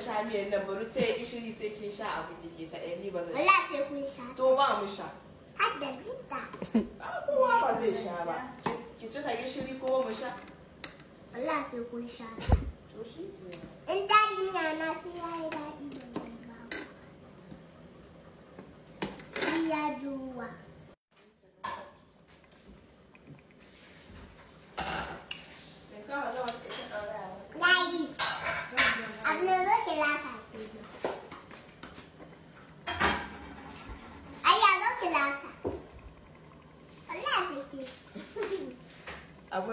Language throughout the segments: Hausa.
sha miyan nan bari ta yi gishiri sai kin sha abu jiki ta ɗaya ba zai sai kun sha to ba mu sha har da jidda ah, kowa ba zai sha ba ki gishiri ko mu sha sai kun sha to shi in miya na sai abu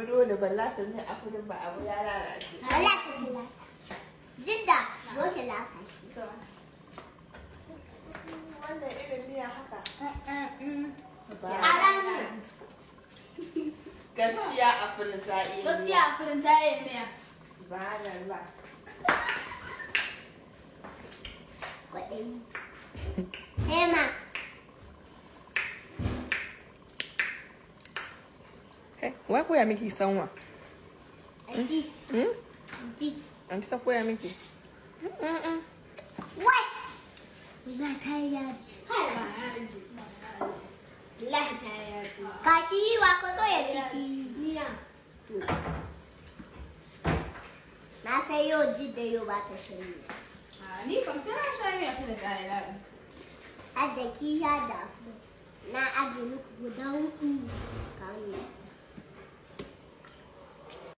dole balla sannan a kudin ba abu ya lalace. Balla ka kilasa. Jidda zo kilasa ki. Wannan irin miya haka. A ranar. Gaskiya a furin ta Gaskiya a ta iya Subhanallah. Emma. Hey, Hmm? hmm? Mm-mm. Na sai yau ji da yau ba ta ni kam sai da tsare lafiya. Adda ki ya dafu. Na ajiye muku guda uku.